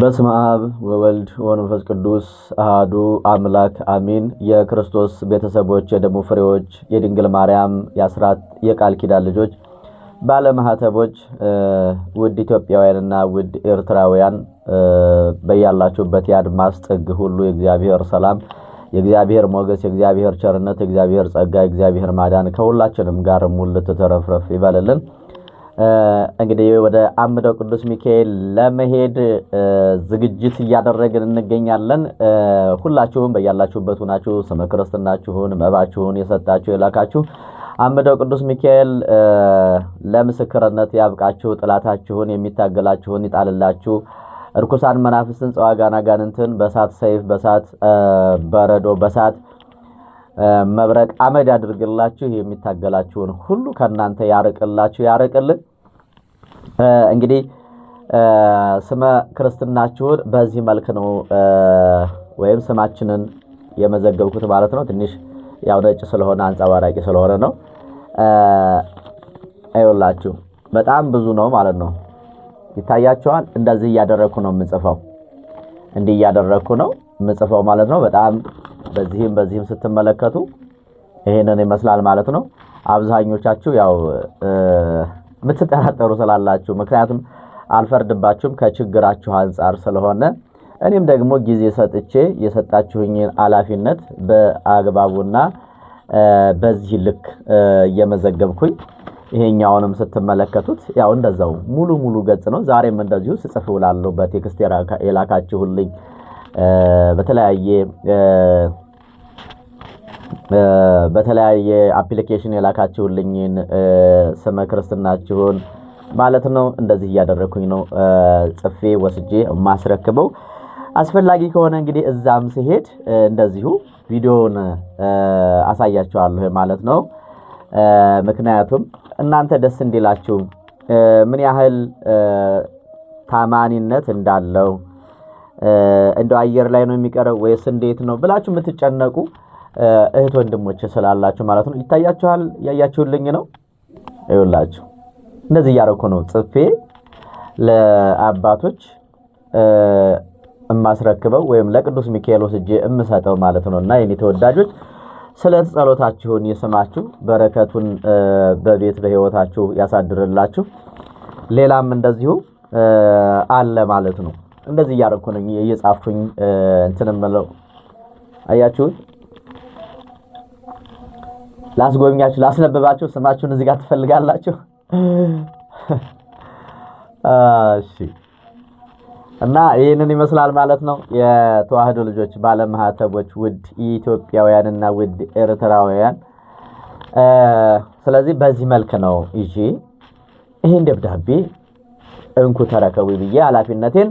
በስመ አብ ወወልድ ወመንፈስ ቅዱስ አሃዱ አምላክ አሚን። የክርስቶስ ቤተሰቦች፣ የደሙ ፍሬዎች፣ የድንግል ማርያም የአስራት የቃል ኪዳን ልጆች፣ ባለማህተቦች፣ ውድ ኢትዮጵያውያንና ውድ ኤርትራውያን በያላችሁበት የአድማስ ጥግ ሁሉ የእግዚአብሔር ሰላም፣ የእግዚአብሔር ሞገስ፣ የእግዚአብሔር ቸርነት፣ የእግዚአብሔር ጸጋ፣ የእግዚአብሔር ማዳን ከሁላችንም ጋር ሙሉ ትትረፍረፍ ይበልልን። እንግዲህ ወደ አምደ ቅዱስ ሚካኤል ለመሄድ ዝግጅት እያደረግን እንገኛለን። ሁላችሁም በያላችሁበት ሁናችሁ ስመ ክርስትናችሁን መባችሁን የሰጣችሁ የላካችሁ አምደ ቅዱስ ሚካኤል ለምስክርነት ያብቃችሁ፣ ጥላታችሁን የሚታገላችሁን ይጣልላችሁ፣ እርኩሳን መናፍስትን ጸዋጋና ጋንንትን በሳት ሰይፍ፣ በሳት በረዶ፣ በሳት መብረቅ አመድ ያድርግላችሁ፣ የሚታገላችሁን ሁሉ ከእናንተ ያርቅላችሁ፣ ያርቅልን። እንግዲህ ስመ ክርስትናችሁን በዚህ መልክ ነው ወይም ስማችንን የመዘገብኩት ማለት ነው። ትንሽ ያው ነጭ ስለሆነ አንጸባራቂ ስለሆነ ነው። አይውላችሁ በጣም ብዙ ነው ማለት ነው። ይታያችኋል። እንደዚህ እያደረግኩ ነው የምጽፈው፣ እንዲህ እያደረግኩ ነው የምጽፈው ማለት ነው። በጣም በዚህም በዚህም ስትመለከቱ ይሄንን ይመስላል ማለት ነው። አብዛኞቻችሁ ያው የምትጠራጠሩ ስላላችሁ ምክንያቱም አልፈርድባችሁም ከችግራችሁ አንጻር ስለሆነ እኔም ደግሞ ጊዜ ሰጥቼ የሰጣችሁኝን ኃላፊነት በአግባቡና በዚህ ልክ እየመዘገብኩኝ ይሄኛውንም ስትመለከቱት ያው እንደዛው ሙሉ ሙሉ ገጽ ነው። ዛሬም እንደዚሁ ስጽፍ ውላለሁ። በቴክስት የላካችሁልኝ በተለያየ በተለያየ አፕሊኬሽን የላካችሁልኝን ስመ ክርስትናችሁን ማለት ነው እንደዚህ እያደረግኩኝ ነው ጽፌ ወስጄ ማስረክበው። አስፈላጊ ከሆነ እንግዲህ እዛም ሲሄድ እንደዚሁ ቪዲዮውን አሳያችኋለሁ ማለት ነው። ምክንያቱም እናንተ ደስ እንዲላችሁ ምን ያህል ታማኒነት እንዳለው እንደው አየር ላይ ነው የሚቀረው ወይስ እንዴት ነው ብላችሁ የምትጨነቁ እህት ወንድሞች ስላላችሁ ማለት ነው። ይታያችኋል፣ ያያችሁልኝ ነው። ይኸውላችሁ እንደዚህ እያደረኩ ነው ጽፌ ለአባቶች የማስረክበው ወይም ለቅዱስ ሚካኤል ወስጄ የምሰጠው ማለት ነው። እና የኔ ተወዳጆች ስለ ጸሎታችሁን ይስማችሁ፣ በረከቱን በቤት በህይወታችሁ ያሳድርላችሁ። ሌላም እንደዚሁ አለ ማለት ነው። እንደዚህ እያደረኩ ነው እየጻፍኩኝ እንትን እምለው አያችሁት። ላስጎብኛችሁ፣ ላስነበባችሁ ስማችሁን እዚህ ጋር ትፈልጋላችሁ። እሺ እና ይህንን ይመስላል ማለት ነው። የተዋህዶ ልጆች ባለማህተቦች፣ ውድ ኢትዮጵያውያንና ውድ ኤርትራውያን፣ ስለዚህ በዚህ መልክ ነው ይዤ ይህን ደብዳቤ እንኩ ተረከቡ ብዬ ኃላፊነቴን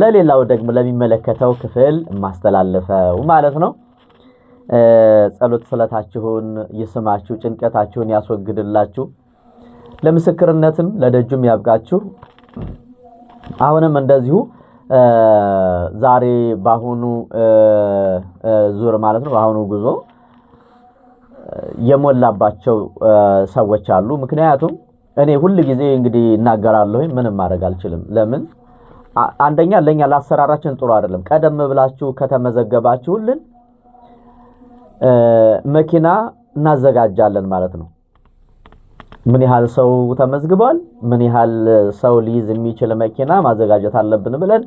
ለሌላው ደግሞ ለሚመለከተው ክፍል ማስተላለፈው ማለት ነው። ጸሎት ስለታችሁን ይስማችሁ፣ ጭንቀታችሁን ያስወግድላችሁ፣ ለምስክርነትም ለደጁም ያብቃችሁ። አሁንም እንደዚሁ ዛሬ በአሁኑ ዙር ማለት ነው በአሁኑ ጉዞ የሞላባቸው ሰዎች አሉ። ምክንያቱም እኔ ሁል ጊዜ እንግዲህ እናገራለሁ ምንም ማድረግ አልችልም። ለምን አንደኛ ለእኛ ለአሰራራችን ጥሩ አይደለም። ቀደም ብላችሁ ከተመዘገባችሁልን መኪና እናዘጋጃለን ማለት ነው። ምን ያህል ሰው ተመዝግቧል፣ ምን ያህል ሰው ሊይዝ የሚችል መኪና ማዘጋጀት አለብን ብለን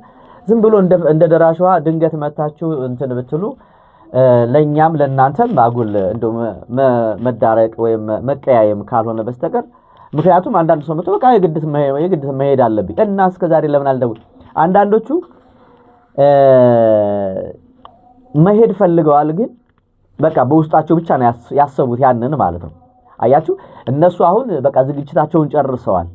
ዝም ብሎ እንደ ደራሽ ድንገት መታችሁ እንትን ብትሉ ለእኛም ለእናንተም አጉል እንደ መዳረቅ ወይም መቀያየም ካልሆነ በስተቀር ምክንያቱም አንዳንድ ሰው መቶ በቃ የግድት መሄድ አለብኝ እና እስከዛሬ ለምን አልደውል አንዳንዶቹ መሄድ ፈልገዋል ግን በቃ በውስጣቸው ብቻ ነው ያሰቡት ያንን ማለት ነው። አያችሁ እነሱ አሁን በቃ ዝግጅታቸውን ጨርሰዋል።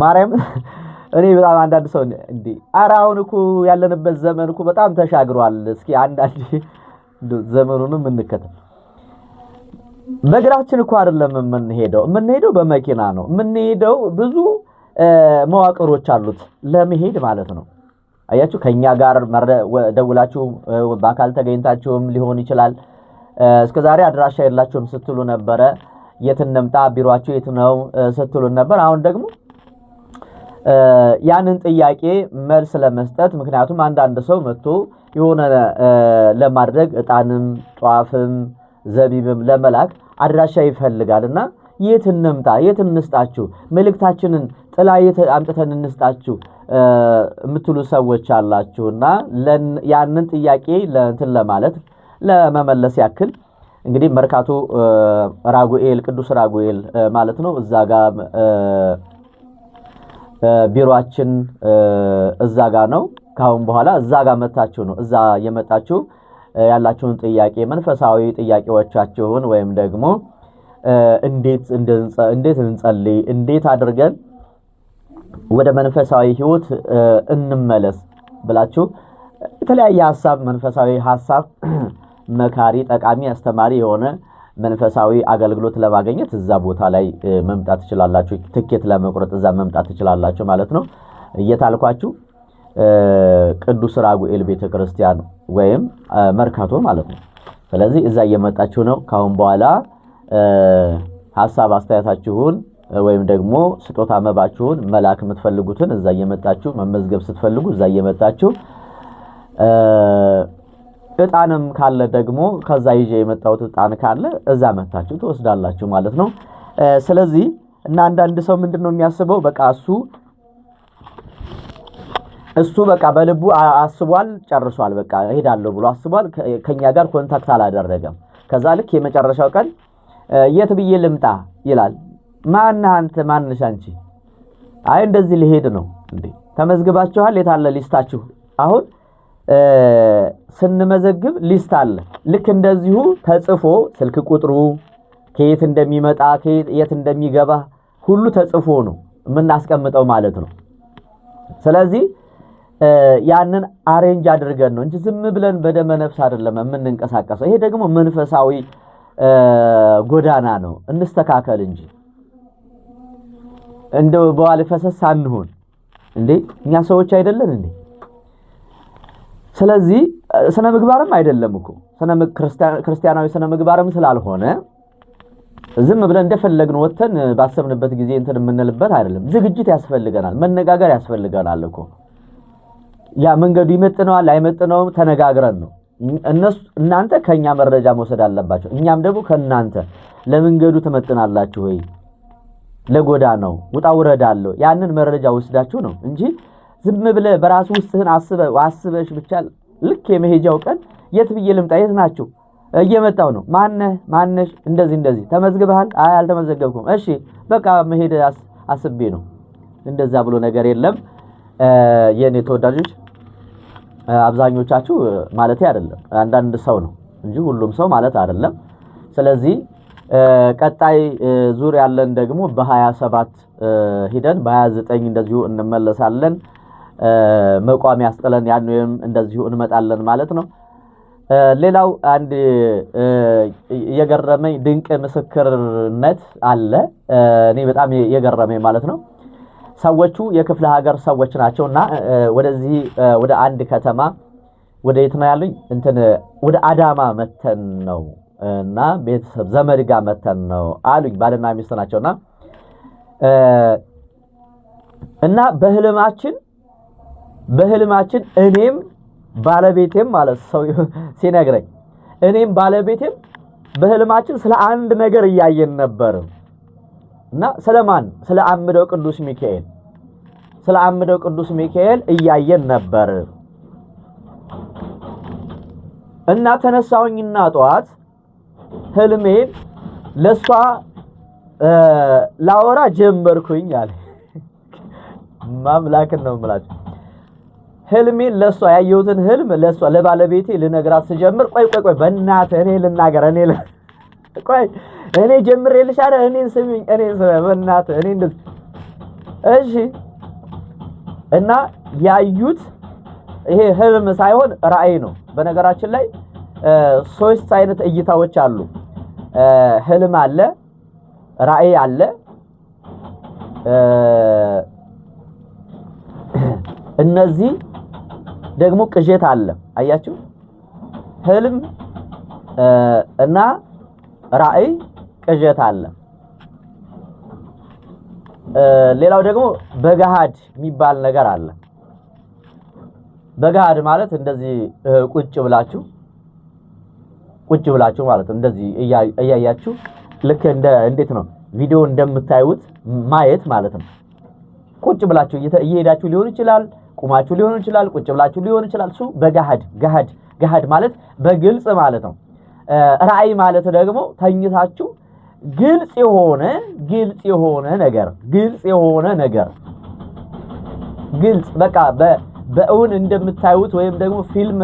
ማርያም እኔ በጣም አንዳንድ ሰው እንዲ ኧረ አሁን እኮ ያለንበት ዘመን እኮ በጣም ተሻግሯል። እስኪ አንዳንድ ዘመኑንም እንከተል። በእግራችን እኮ አይደለም የምንሄደው፣ የምንሄደው በመኪና ነው የምንሄደው። ብዙ መዋቅሮች አሉት ለመሄድ ማለት ነው። አያችሁ ከኛ ጋር ደውላችሁ በአካል ተገኝታችሁም ሊሆን ይችላል እስከ ዛሬ አድራሻ የላቸውም ስትሉ ነበረ። የት እንምጣ? ቢሮአቸው የት ነው ስትሉ ነበር። አሁን ደግሞ ያንን ጥያቄ መልስ ለመስጠት ምክንያቱም አንዳንድ ሰው መጥቶ የሆነ ለማድረግ እጣንም ጧፍም ዘቢብም ለመላክ አድራሻ ይፈልጋል እና የት እንምጣ? የት እንስጣችሁ? መልእክታችንን ጥላ የት አምጥተን እንስጣችሁ የምትሉ ሰዎች አላችሁና ያንን ጥያቄ ለእንትን ለማለት ለመመለስ ያክል እንግዲህ መርካቶ ራጉኤል ቅዱስ ራጉኤል ማለት ነው። እዛ ጋ ቢሮችን እዛ ጋ ነው። ካሁን በኋላ እዛ ጋ መታችሁ ነው እዛ የመጣችሁ ያላችሁን ጥያቄ መንፈሳዊ ጥያቄዎቻችሁን ወይም ደግሞ እንዴት እንዴት እንጸልይ፣ እንዴት አድርገን ወደ መንፈሳዊ ህይወት እንመለስ ብላችሁ የተለያየ ሀሳብ መንፈሳዊ ሀሳብ መካሪ፣ ጠቃሚ፣ አስተማሪ የሆነ መንፈሳዊ አገልግሎት ለማግኘት እዛ ቦታ ላይ መምጣት ትችላላችሁ። ትኬት ለመቁረጥ እዛ መምጣት ትችላላችሁ ማለት ነው። እየታልኳችሁ ቅዱስ ራጉኤል ቤተክርስቲያን ወይም መርካቶ ማለት ነው። ስለዚህ እዛ እየመጣችሁ ነው። ካሁን በኋላ ሀሳብ አስተያየታችሁን ወይም ደግሞ ስጦታ መባችሁን መላክ የምትፈልጉትን እዛ እየመጣችሁ መመዝገብ ስትፈልጉ እዛ እየመጣችሁ እጣንም ካለ ደግሞ ከዛ ይዤ የመጣሁት እጣን ካለ እዛ መታችሁ ትወስዳላችሁ ማለት ነው። ስለዚህ እና አንዳንድ ሰው ምንድን ነው የሚያስበው? በቃ እሱ እሱ በቃ በልቡ አስቧል፣ ጨርሷል፣ በቃ እሄዳለሁ ብሎ አስቧል። ከኛ ጋር ኮንታክት አላደረገም። ከዛ ልክ የመጨረሻው ቀን የት ብዬ ልምጣ ይላል። ማነህ አንተ? ማንሽ አንቺ? አይ እንደዚህ ልሄድ ነው እንዴ? ተመዝግባችኋል? የታለ ሊስታችሁ አሁን ስንመዘግብ ሊስት አለ። ልክ እንደዚሁ ተጽፎ ስልክ ቁጥሩ ከየት እንደሚመጣ ከየት እንደሚገባ ሁሉ ተጽፎ ነው የምናስቀምጠው ማለት ነው። ስለዚህ ያንን አሬንጅ አድርገን ነው እንጂ ዝም ብለን በደመ ነፍስ አይደለም የምንንቀሳቀሰው። ይሄ ደግሞ መንፈሳዊ ጎዳና ነው። እንስተካከል እንጂ እንደው በዋል ፈሰስ አንሁን እንዴ! እኛ ሰዎች አይደለን እንዴ? ስለዚህ ስነ ምግባርም አይደለም እኮ ክርስቲያናዊ ስነ ምግባርም ስላልሆነ ዝም ብለን እንደፈለግን ወጥተን ባሰብንበት ጊዜ እንትን የምንልበት አይደለም። ዝግጅት ያስፈልገናል፣ መነጋገር ያስፈልገናል እኮ ያ መንገዱ ይመጥነዋል አይመጥነውም ተነጋግረን ነው። እነሱ እናንተ ከእኛ መረጃ መውሰድ አለባቸው፣ እኛም ደግሞ ከእናንተ ለመንገዱ ትመጥናላችሁ ወይ ለጎዳ ነው ውጣ ውረድ አለው ያንን መረጃ ወስዳችሁ ነው እንጂ ዝም ብለህ በራሱ ውስጥህን አስበ አስበሽ ብቻ ልክ የመሄጃው ቀን የት ብዬ ልምጣ፣ የት ናችሁ? እየመጣው ነው። ማነህ ማነሽ? እንደዚህ እንደዚህ ተመዝግበሃል? አይ አልተመዘገብኩም። እሺ በቃ መሄድ አስቤ ነው። እንደዛ ብሎ ነገር የለም። የእኔ ተወዳጆች አብዛኞቻችሁ ማለት አይደለም፣ አንዳንድ ሰው ነው እንጂ ሁሉም ሰው ማለት አይደለም። ስለዚህ ቀጣይ ዙር ያለን ደግሞ በ27 ሂደን በ29 እንደዚሁ እንመለሳለን። መቋሚያ ያስጥለን ያን ወይም እንደዚሁ እንመጣለን ማለት ነው። ሌላው አንድ የገረመኝ ድንቅ ምስክርነት አለ። እኔ በጣም የገረመኝ ማለት ነው ሰዎቹ የክፍለ ሀገር ሰዎች ናቸው እና ወደዚህ ወደ አንድ ከተማ ወደ የት ነው ያሉኝ? እንትን ወደ አዳማ መተን ነው እና ቤተሰብ ዘመድ ጋር መተን ነው አሉኝ። ባልና ሚስት ናቸውና እና በህልማችን በህልማችን እኔም ባለቤቴም ማለት ሰው ሲነግረኝ እኔም ባለቤቴም በህልማችን ስለ አንድ ነገር እያየን ነበር እና ስለማን ስለ አምደው ቅዱስ ሚካኤል ስለ አምደው ቅዱስ ሚካኤል እያየን ነበር እና ተነሳሁኝና ጠዋት ህልሜን ለሷ ላወራ ጀመርኩኝ አለ ማምላክን ነው ህልሜን ለእሷ ያየሁትን ህልም ለእሷ ለባለቤቴ ልነግራት ስጀምር፣ ቆይ ቆይ ቆይ በእናትህ እኔ ልናገር እኔ ቆይ እኔ ጀምር የልሻለ እኔን ስሚኝ፣ እኔን ስ በእናትህ እኔ እንደዚህ እሺ። እና ያዩት ይሄ ህልም ሳይሆን ራእይ ነው። በነገራችን ላይ ሶስት አይነት እይታዎች አሉ። ህልም አለ፣ ራእይ አለ፣ እነዚህ ደግሞ ቅዠት አለ። አያችሁ ህልም እና ራእይ ቅዠት አለ። ሌላው ደግሞ በገሃድ የሚባል ነገር አለ። በገሃድ ማለት እንደዚህ ቁጭ ብላችሁ ቁጭ ብላችሁ ማለት እንደዚህ እያያችሁ ልክ እንደ እንዴት ነው ቪዲዮ እንደምታዩት ማየት ማለት ነው። ቁጭ ብላችሁ እየሄዳችሁ ሊሆን ይችላል። ቁማችሁ ሊሆን ይችላል፣ ቁጭ ብላችሁ ሊሆን ይችላል። እሱ በገሃድ ገሃድ ገሃድ ማለት በግልጽ ማለት ነው። ራእይ ማለት ደግሞ ተኝታችሁ ግልጽ የሆነ ግልጽ የሆነ ነገር ግልጽ የሆነ ነገር ግልጽ በቃ በእውን እንደምታዩት ወይም ደግሞ ፊልም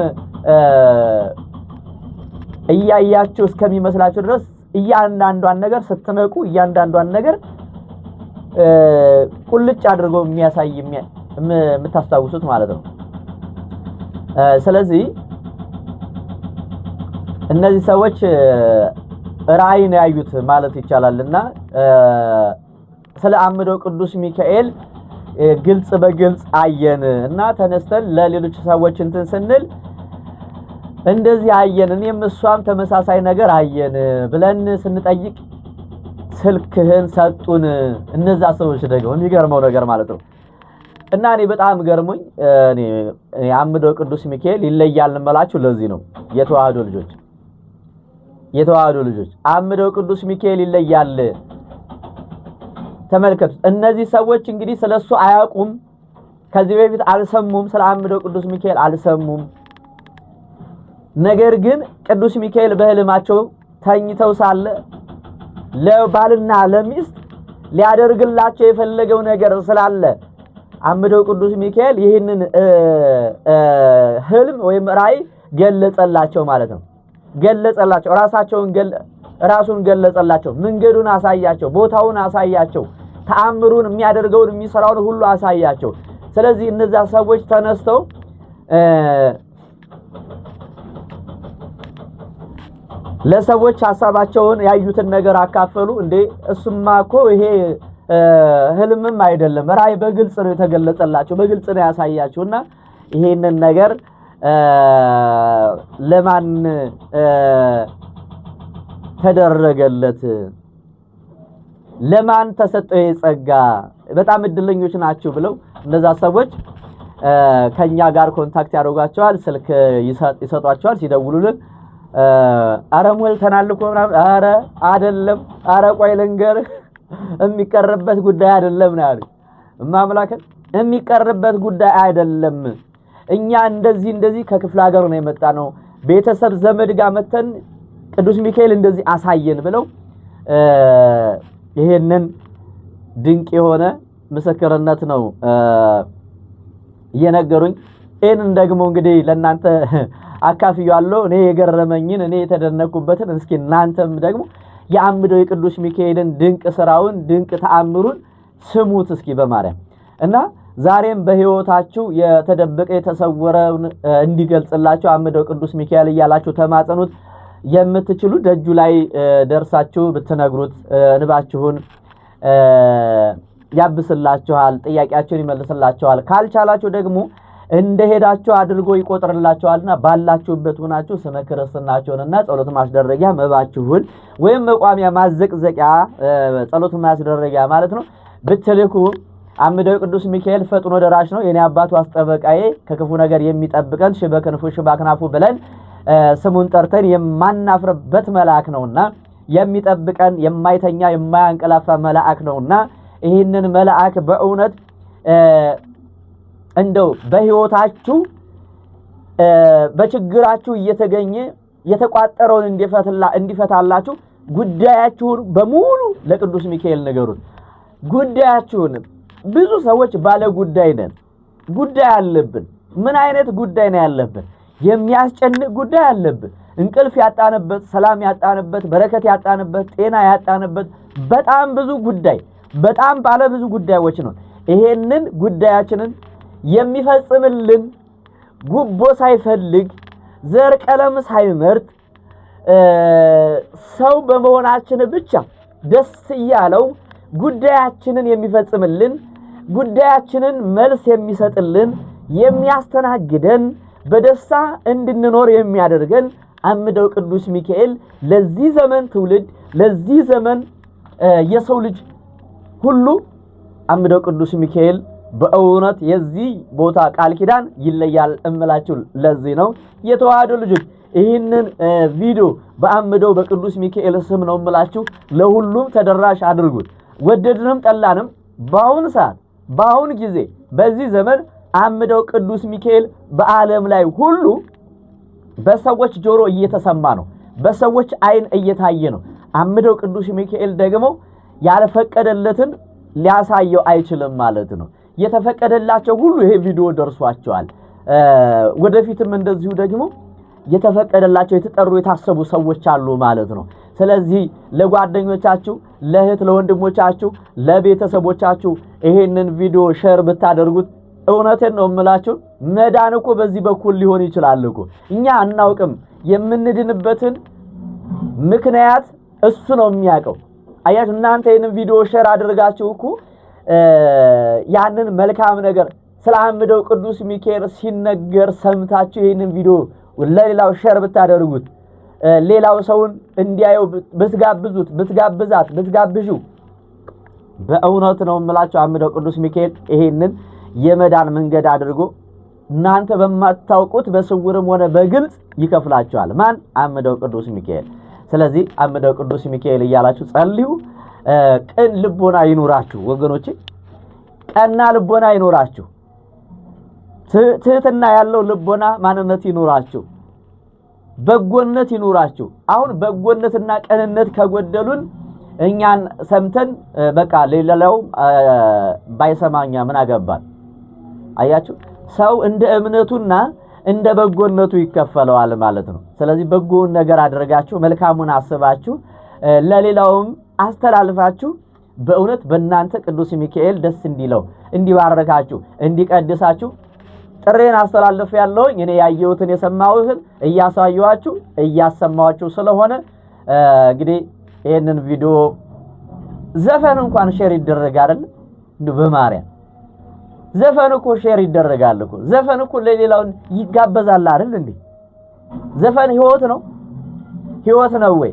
እያያችሁ እስከሚመስላችሁ ድረስ እያንዳንዷን ነገር ስትነቁ እያንዳንዷን ነገር ቁልጭ አድርጎ የሚያሳይ የምታስታውሱት ማለት ነው። ስለዚህ እነዚህ ሰዎች ራእይ ያዩት ማለት ይቻላልና ስለ አምደው ቅዱስ ሚካኤል ግልጽ በግልጽ አየን እና ተነስተን ለሌሎች ሰዎች እንትን ስንል እንደዚህ አየን፣ እኔም እሷም ተመሳሳይ ነገር አየን ብለን ስንጠይቅ ስልክህን ሰጡን። እነዛ ሰዎች ደግሞ የሚገርመው ነገር ማለት ነው እና እኔ በጣም ገርሞኝ እኔ አምደው ቅዱስ ሚካኤል ይለያል እንበላችሁ። ለዚህ ነው የተዋህዶ ልጆች የተዋህዶ ልጆች አምደው ቅዱስ ሚካኤል ይለያል። ተመልከቱ። እነዚህ ሰዎች እንግዲህ ስለሱ አያውቁም፣ ከዚህ በፊት አልሰሙም፣ ስለ አምደው ቅዱስ ሚካኤል አልሰሙም። ነገር ግን ቅዱስ ሚካኤል በህልማቸው ተኝተው ሳለ ለባልና ለሚስት ሊያደርግላቸው የፈለገው ነገር ስላለ አምደው ቅዱስ ሚካኤል ይህንን ህልም ወይም ራእይ ገለጸላቸው ማለት ነው። ገለጸላቸው ራሳቸውን ራሱን ገለጸላቸው። መንገዱን አሳያቸው፣ ቦታውን አሳያቸው፣ ተአምሩን የሚያደርገውን የሚሰራውን ሁሉ አሳያቸው። ስለዚህ እነዛ ሰዎች ተነስተው ለሰዎች ሀሳባቸውን ያዩትን ነገር አካፈሉ። እንዴ እሱማ እኮ ይሄ ህልምም አይደለም ራእይ በግልጽ ነው የተገለጸላቸው፣ በግልጽ ነው ያሳያቸውና ይሄንን ነገር ለማን ተደረገለት? ለማን ተሰጠው የጸጋ? በጣም እድለኞች ናቸው ብለው እነዛ ሰዎች ከኛ ጋር ኮንታክት ያደርጓቸዋል፣ ስልክ ይሰጧቸዋል። ሲደውሉልን አረ ሞልተናል እኮ ምናምን፣ አረ አይደለም፣ አረ ቆይ ልንገርህ የሚቀርበት ጉዳይ አይደለም ነው ያሉኝ። እማምላክን የሚቀርበት ጉዳይ አይደለም። እኛ እንደዚህ እንደዚህ ከክፍለ ሀገር ነው የመጣ ነው ቤተሰብ ዘመድ ጋር መተን ቅዱስ ሚካኤል እንደዚህ አሳየን ብለው ይሄንን ድንቅ የሆነ ምስክርነት ነው እየነገሩኝ። ይህንን ደግሞ እንግዲህ ለእናንተ አካፍያለሁ። እኔ የገረመኝን እኔ የተደነኩበትን እስኪ እናንተም ደግሞ የአምደው የቅዱስ ሚካኤልን ድንቅ ስራውን ድንቅ ተአምሩን ስሙት እስኪ በማርያም እና ዛሬም በህይወታችሁ የተደበቀ የተሰወረውን እንዲገልጽላችሁ አምደው ቅዱስ ሚካኤል እያላችሁ ተማጸኑት። የምትችሉ ደጁ ላይ ደርሳችሁ ብትነግሩት እንባችሁን ያብስላችኋል፣ ጥያቄያችሁን ይመልስላችኋል። ካልቻላችሁ ደግሞ እንደ ሄዳችሁ አድርጎ ይቆጥርላችኋልና ባላችሁበት ሆናችሁ ስመ ክርስትናችሁንና ጸሎት ማስደረጊያ መባችሁን ወይም መቋሚያ ማዘቅዘቂያ ጸሎት ማስደረጊያ ማለት ነው ብትልኩ አምደው ቅዱስ ሚካኤል ፈጥኖ ደራሽ ነው። የኔ አባቱ አስጠበቃዬ ከክፉ ነገር የሚጠብቀን ሽበክንፉ ሽባክናፉ ብለን ስሙን ጠርተን የማናፍርበት መልአክ ነውና የሚጠብቀን የማይተኛ የማያንቀላፋ መልአክ ነውና ይህንን መልአክ በእውነት እንደው በህይወታችሁ በችግራችሁ እየተገኘ የተቋጠረውን እንዲፈታላችሁ ጉዳያችሁን በሙሉ ለቅዱስ ሚካኤል ንገሩት። ጉዳያችሁን ብዙ ሰዎች ባለ ጉዳይ ነን፣ ጉዳይ አለብን። ምን አይነት ጉዳይ ነው ያለብን? የሚያስጨንቅ ጉዳይ አለብን። እንቅልፍ ያጣንበት፣ ሰላም ያጣንበት፣ በረከት ያጣንበት፣ ጤና ያጣንበት በጣም ብዙ ጉዳይ፣ በጣም ባለ ብዙ ጉዳዮች ነው። ይሄንን ጉዳያችንን የሚፈጽምልን ጉቦ ሳይፈልግ ዘር ቀለም ሳይመርጥ ሰው በመሆናችን ብቻ ደስ እያለው ጉዳያችንን የሚፈጽምልን ጉዳያችንን መልስ የሚሰጥልን የሚያስተናግደን በደስታ እንድንኖር የሚያደርገን አምደው ቅዱስ ሚካኤል ለዚህ ዘመን ትውልድ ለዚህ ዘመን የሰው ልጅ ሁሉ አምደው ቅዱስ ሚካኤል በእውነት የዚህ ቦታ ቃል ኪዳን ይለያል እምላችሁ። ለዚህ ነው የተዋህዶ ልጆች ይህንን ቪዲዮ በአምደው በቅዱስ ሚካኤል ስም ነው እምላችሁ፣ ለሁሉም ተደራሽ አድርጉት። ወደድንም ጠላንም በአሁን ሰዓት በአሁን ጊዜ በዚህ ዘመን አምደው ቅዱስ ሚካኤል በዓለም ላይ ሁሉ በሰዎች ጆሮ እየተሰማ ነው፣ በሰዎች አይን እየታየ ነው። አምደው ቅዱስ ሚካኤል ደግሞ ያልፈቀደለትን ሊያሳየው አይችልም ማለት ነው። የተፈቀደላቸው ሁሉ ይሄ ቪዲዮ ደርሷቸዋል። ወደፊትም እንደዚሁ ደግሞ የተፈቀደላቸው የተጠሩ የታሰቡ ሰዎች አሉ ማለት ነው። ስለዚህ ለጓደኞቻችሁ፣ ለእህት ለወንድሞቻችሁ፣ ለቤተሰቦቻችሁ ይሄንን ቪዲዮ ሼር ብታደርጉት እውነቴን ነው የምላችሁ። መዳን እኮ በዚህ በኩል ሊሆን ይችላል እኮ እኛ አናውቅም። የምንድንበትን ምክንያት እሱ ነው የሚያውቀው። አያችሁ እናንተ ይህንን ቪዲዮ ሼር አድርጋችሁ እኮ ያንን መልካም ነገር ስለ አምደው ቅዱስ ሚካኤል ሲነገር ሰምታችሁ ይህንን ቪዲዮ ለሌላው ሸር ብታደርጉት ሌላው ሰውን እንዲያየው ብትጋብዙት ብትጋብዛት ብትጋብዡ በእውነት ነው የምላቸው አምደው ቅዱስ ሚካኤል ይሄንን የመዳን መንገድ አድርጎ እናንተ በማታውቁት በስውርም ሆነ በግልጽ ይከፍላችኋል። ማን? አምደው ቅዱስ ሚካኤል። ስለዚህ አምደው ቅዱስ ሚካኤል እያላችሁ ጸልዩ። ቅን ልቦና ይኑራችሁ ወገኖቼ፣ ቀና ልቦና ይኑራችሁ። ትህትና ያለው ልቦና ማንነት ይኑራችሁ። በጎነት ይኑራችሁ። አሁን በጎነትና ቀንነት ከጎደሉን እኛን ሰምተን በቃ ሌላው ባይሰማኛ ምን አገባል? አያችሁ፣ ሰው እንደ እምነቱና እንደ በጎነቱ ይከፈለዋል ማለት ነው። ስለዚህ በጎውን ነገር አድርጋችሁ መልካሙን አስባችሁ ለሌላውም አስተላልፋችሁ በእውነት በእናንተ ቅዱስ ሚካኤል ደስ እንዲለው እንዲባረካችሁ እንዲቀድሳችሁ ጥሬን አስተላልፍ ያለውኝ እኔ ያየሁትን የሰማሁትን እያሳየኋችሁ እያሰማኋችሁ ስለሆነ እንግዲህ ይህንን ቪዲዮ ዘፈን እንኳን ሼር ይደረግ አይደል? በማርያም ዘፈን እኮ ሼር ይደረጋል እኮ ዘፈን እኮ ለሌላውን ይጋበዛል አይደል? እንዴ ዘፈን ህይወት ነው። ህይወት ነው ወይ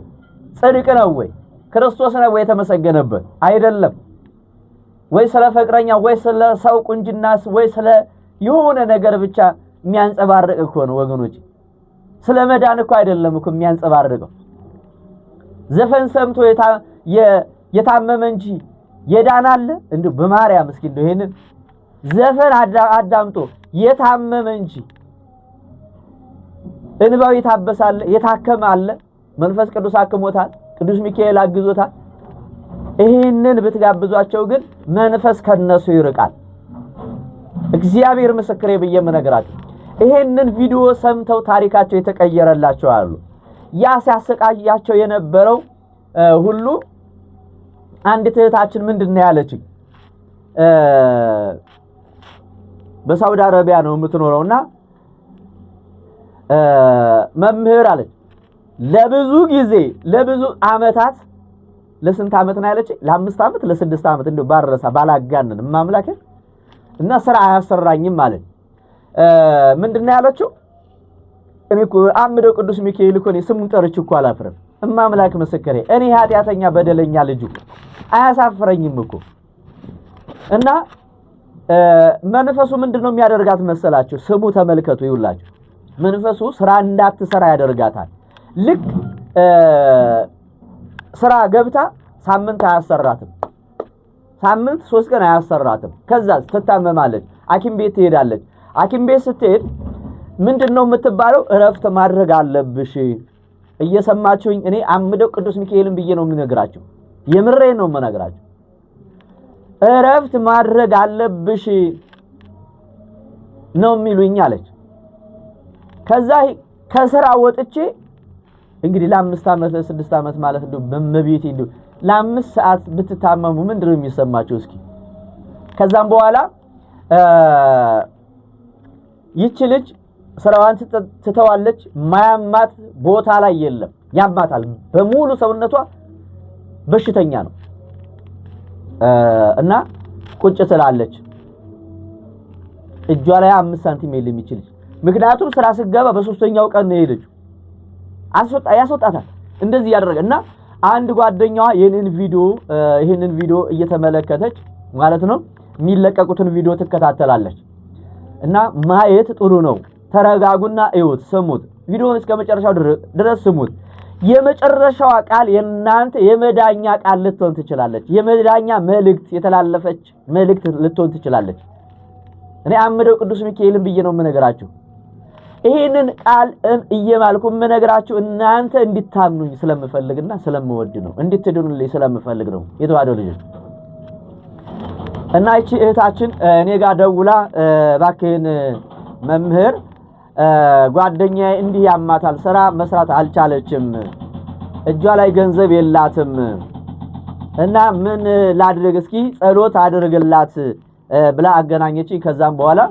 ጽድቅ ነው ወይ ክርስቶስ ነው የተመሰገነበት አይደለም ወይ ስለ ፍቅረኛ ወይ ስለ ሰው ቁንጅናስ ወይ ስለ የሆነ ነገር ብቻ የሚያንጸባርቅ እኮ ነው ወገኖች። ስለ መዳን እኮ አይደለም እኮ የሚያንጸባርቀው። ዘፈን ሰምቶ የታመመ እንጂ የዳን አለ እንዴ? በማርያም እስኪ እንደው ይሄንን ዘፈን አዳምጦ የታመመ እንጂ እንባው የታበሳለ የታከመ አለ። መንፈስ ቅዱስ አክሞታል። ቅዱስ ሚካኤል አግዞታል። ይህንን ብትጋብዟቸው ግን መንፈስ ከነሱ ይርቃል። እግዚአብሔር ምስክሬ ብዬ የምነግራቸው ይሄንን ቪዲዮ ሰምተው ታሪካቸው የተቀየረላቸው አሉ። ያ ሲያሰቃያቸው የነበረው ሁሉ አንዲት እህታችን ምንድን ነው ያለችኝ? በሳውዲ አረቢያ ነው የምትኖረውና መምህር አለች ለብዙ ጊዜ ለብዙ አመታት ለስንት ዓመት ነው ያለች? ለአምስት ዓመት ለስድስት ዓመት እንደው ባረሳ ባላጋንን ማምላክ እና ስራ አያሰራኝም ማለት ምንድነው ያለችው? እኔ እኮ አምደው ቅዱስ ሚካኤል እኮ እኔ ስሙን ጠርቼ እኮ አላፍርም። እማምላክ ምስክሬ እኔ ኃጢአተኛ በደለኛ ልጁ አያሳፍረኝም እኮ እና መንፈሱ ምንድነው የሚያደርጋት መሰላችሁ? ስሙ ተመልከቱ፣ ይውላችሁ መንፈሱ ስራ እንዳትሰራ ያደርጋታል። ልክ ስራ ገብታ ሳምንት አያሰራትም። ሳምንት ሶስት ቀን አያሰራትም። ከዛ ትታመማለች፣ ሐኪም ቤት ትሄዳለች። ሐኪም ቤት ስትሄድ ምንድን ነው የምትባለው? እረፍት ማድረግ አለብሽ። እየሰማችሁኝ? እኔ አምደው ቅዱስ ሚካኤልን ብዬ ነው የምነግራችሁ። የምሬ ነው የምነግራችሁ። እረፍት ማድረግ አለብሽ ነው የሚሉኝ አለች። ከዛ ከስራ ወጥቼ እንግዲህ ለአምስት ዓመት ለስድስት ዓመት ማለት እንዲሁ በመቤቴ እንዲሁ ለአምስት ሰዓት ብትታመሙ ምንድን ነው የሚሰማቸው? እስኪ ከዛም በኋላ ይቺ ልጅ ስራዋን ትተዋለች። ማያማት ቦታ ላይ የለም፣ ያማታል። በሙሉ ሰውነቷ በሽተኛ ነው እና ቁጭ ትላለች። እጇ ላይ አምስት ሳንቲም የለም ይቺ ልጅ። ምክንያቱም ስራ ስገባ በሶስተኛው ቀን ነው የሄደችው አስወጣ ያስወጣታል። እንደዚህ ያደረገ እና አንድ ጓደኛዋ ይህንን ቪዲዮ ይህንን ቪዲዮ እየተመለከተች ማለት ነው የሚለቀቁትን ቪዲዮ ትከታተላለች እና ማየት ጥሩ ነው። ተረጋጉና እዩት፣ ስሙት። ቪዲዮውን እስከ መጨረሻው ድረስ ስሙት። የመጨረሻዋ ቃል የእናንተ የመዳኛ ቃል ልትሆን ትችላለች። የመዳኛ መልእክት የተላለፈች መልእክት ልትሆን ትችላለች። እኔ አምደው ቅዱስ ሚካኤልን ብዬ ነው የምነግራችሁ። ይህንን ቃል እየማልኩ የምነግራችሁ እናንተ እንዲታምኑኝ ስለምፈልግና ስለምወድ ነው፣ እንድትድኑልኝ ስለምፈልግ ነው። የተዋደ ልጆች እና ይቺ እህታችን እኔ ጋር ደውላ እባክህን መምህር ጓደኛዬ እንዲህ ያማታል፣ ስራ መስራት አልቻለችም፣ እጇ ላይ ገንዘብ የላትም እና ምን ላድርግ እስኪ ጸሎት አድርግላት ብላ አገናኘች ከዛም በኋላ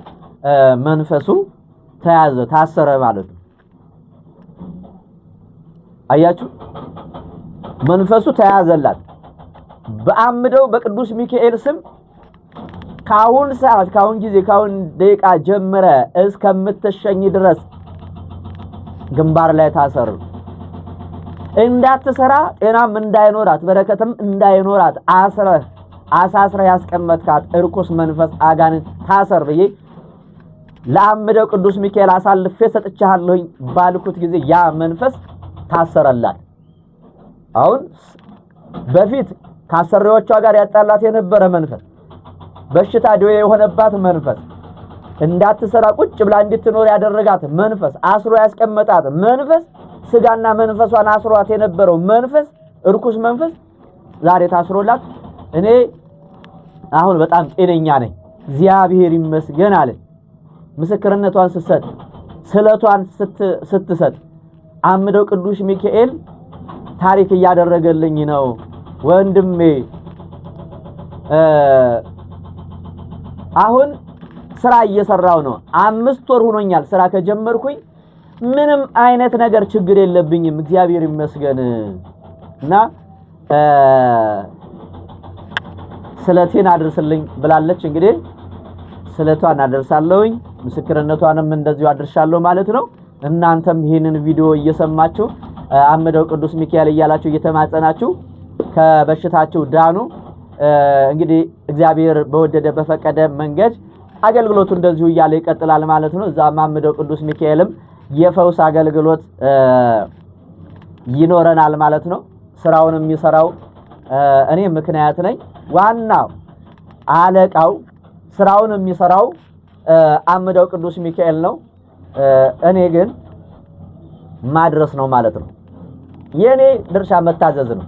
መንፈሱ ተያዘ ታሰረ ማለት ነው። አያችሁ፣ መንፈሱ ተያዘላት። በአምደው በቅዱስ ሚካኤል ስም ካሁን ሰዓት ካሁን ጊዜ ካሁን ደቂቃ ጀምረ እስከምትሸኝ ድረስ ግንባር ላይ ታሰር። እንዳትሰራ ጤናም እንዳይኖራት በረከትም እንዳይኖራት አስረህ አሳስረህ ያስቀመጥካት እርኩስ መንፈስ አጋንንት ታሰር ብዬ ለአምደው ቅዱስ ሚካኤል አሳልፌ ሰጥቻለሁኝ ባልኩት ጊዜ ያ መንፈስ ታሰረላት። አሁን በፊት ካሰሪዎቿ ጋር ያጣላት የነበረ መንፈስ፣ በሽታ ደዌ የሆነባት መንፈስ፣ እንዳትሰራ ቁጭ ብላ እንድትኖር ያደረጋት መንፈስ፣ አስሮ ያስቀመጣት መንፈስ፣ ስጋና መንፈሷን አስሯት የነበረው መንፈስ፣ እርኩስ መንፈስ ዛሬ ታስሮላት እኔ አሁን በጣም ጤነኛ ነኝ እግዚአብሔር ይመስገን አለ። ምስክርነቷን ስትሰጥ ስለቷን ስትሰጥ አምደው ቅዱስ ሚካኤል ታሪክ እያደረገልኝ ነው ወንድሜ። አሁን ስራ እየሰራው ነው። አምስት ወር ሆኖኛል ስራ ከጀመርኩኝ። ምንም አይነት ነገር ችግር የለብኝም እግዚአብሔር ይመስገን። እና ስለቴን አድርስልኝ ብላለች እንግዲህ ስለቷን አደርሳለሁኝ ምስክርነቷንም እንደዚሁ አድርሻለሁ ማለት ነው። እናንተም ይህንን ቪዲዮ እየሰማችሁ አምደው ቅዱስ ሚካኤል እያላችሁ እየተማጸናችሁ ከበሽታችሁ ዳኑ። እንግዲህ እግዚአብሔር በወደደ በፈቀደ መንገድ አገልግሎቱ እንደዚሁ እያለ ይቀጥላል ማለት ነው። እዛ አመደው ቅዱስ ሚካኤልም የፈውስ አገልግሎት ይኖረናል ማለት ነው። ስራውን የሚሰራው እኔ ምክንያት ነኝ። ዋናው አለቃው ስራውን የሚሰራው አምደው ቅዱስ ሚካኤል ነው። እኔ ግን ማድረስ ነው ማለት ነው። የኔ ድርሻ መታዘዝ ነው።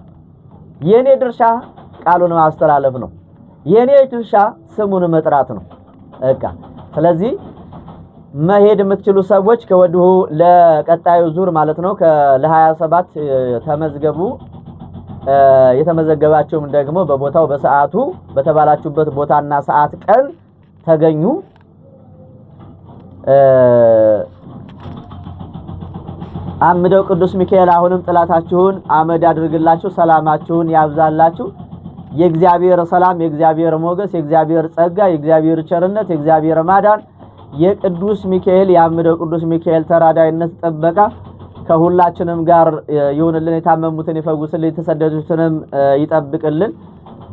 የኔ ድርሻ ቃሉን ማስተላለፍ ነው። የኔ ድርሻ ስሙን መጥራት ነው። በቃ ስለዚህ መሄድ የምትችሉ ሰዎች ከወዲሁ ለቀጣዩ ዙር ማለት ነው ለ27 ተመዝገቡ። የተመዘገባችሁም ደግሞ በቦታው በሰዓቱ በተባላችሁበት ቦታና ሰዓት ቀን ተገኙ አምደው ቅዱስ ሚካኤል አሁንም ጥላታችሁን አመድ አድርግላችሁ ሰላማችሁን ያብዛላችሁ። የእግዚአብሔር ሰላም፣ የእግዚአብሔር ሞገስ፣ የእግዚአብሔር ጸጋ፣ የእግዚአብሔር ቸርነት፣ የእግዚአብሔር ማዳን፣ የቅዱስ ሚካኤል የአምደው ቅዱስ ሚካኤል ተራዳይነት ጥበቃ ከሁላችንም ጋር ይሁንልን። የታመሙትን ይፈውስልን፣ የተሰደዱትንም ይጠብቅልን።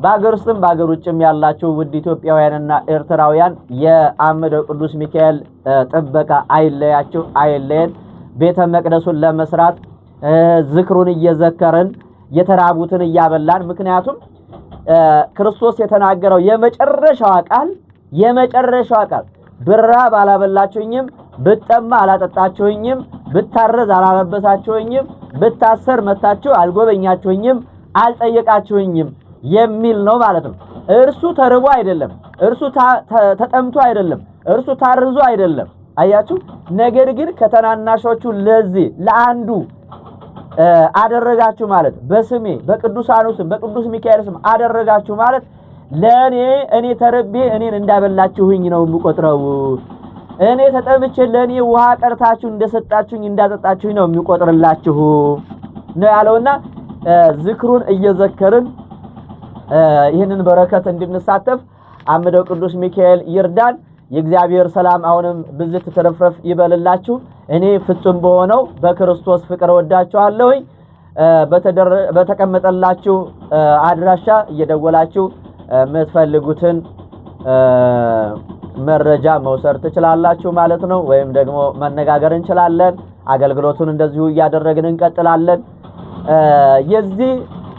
በሀገር ውስጥም በሀገር ውጭም ያላችሁ ውድ ኢትዮጵያውያንና ኤርትራውያን የአምደ ቅዱስ ሚካኤል ጥበቃ አይለያችሁ፣ አይለየን። ቤተ መቅደሱን ለመስራት ዝክሩን እየዘከርን የተራቡትን እያበላን፣ ምክንያቱም ክርስቶስ የተናገረው የመጨረሻዋ ቃል የመጨረሻዋ ቃል ብራብ አላበላችሁኝም፣ ብጠማ አላጠጣችሁኝም፣ ብታረዝ አላለበሳችሁኝም፣ ብታሰር መታችሁ አልጎበኛችሁኝም፣ አልጠየቃችሁኝም የሚል ነው ማለት ነው። እርሱ ተርቦ አይደለም፣ እርሱ ተጠምቶ አይደለም፣ እርሱ ታርዞ አይደለም። አያችሁ። ነገር ግን ከተናናሾቹ ለዚህ ለአንዱ አደረጋችሁ ማለት በስሜ በቅዱሳኑ ስም በቅዱስ ሚካኤል ስም አደረጋችሁ ማለት ለእኔ እኔ ተርቤ እኔን እንዳበላችሁኝ ነው የምቆጥረው። እኔ ተጠምቼ ለእኔ ውሃ ቀርታችሁ እንደሰጣችሁኝ እንዳጠጣችሁኝ ነው የሚቆጥርላችሁ ነው ያለውና ዝክሩን እየዘከርን ይህንን በረከት እንድንሳተፍ አምደው ቅዱስ ሚካኤል ይርዳን። የእግዚአብሔር ሰላም አሁንም ብዝት ትርፍርፍ ይበልላችሁ። እኔ ፍጹም በሆነው በክርስቶስ ፍቅር ወዳችኋለሁኝ። በተቀመጠላችሁ አድራሻ እየደወላችሁ የምትፈልጉትን መረጃ መውሰድ ትችላላችሁ ማለት ነው። ወይም ደግሞ መነጋገር እንችላለን። አገልግሎቱን እንደዚሁ እያደረግን እንቀጥላለን። የዚህ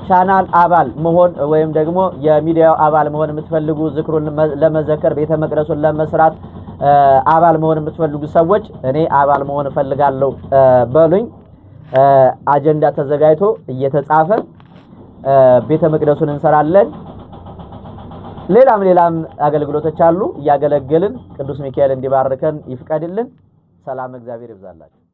ቻናል አባል መሆን ወይም ደግሞ የሚዲያው አባል መሆን የምትፈልጉ ዝክሩን ለመዘከር ቤተ መቅደሱን ለመስራት አባል መሆን የምትፈልጉ ሰዎች እኔ አባል መሆን እፈልጋለሁ በሉኝ። አጀንዳ ተዘጋጅቶ እየተጻፈ ቤተ መቅደሱን እንሰራለን። ሌላም ሌላም አገልግሎቶች አሉ። እያገለገልን ቅዱስ ሚካኤል እንዲባርከን ይፍቀድልን። ሰላም እግዚአብሔር ይብዛላችሁ።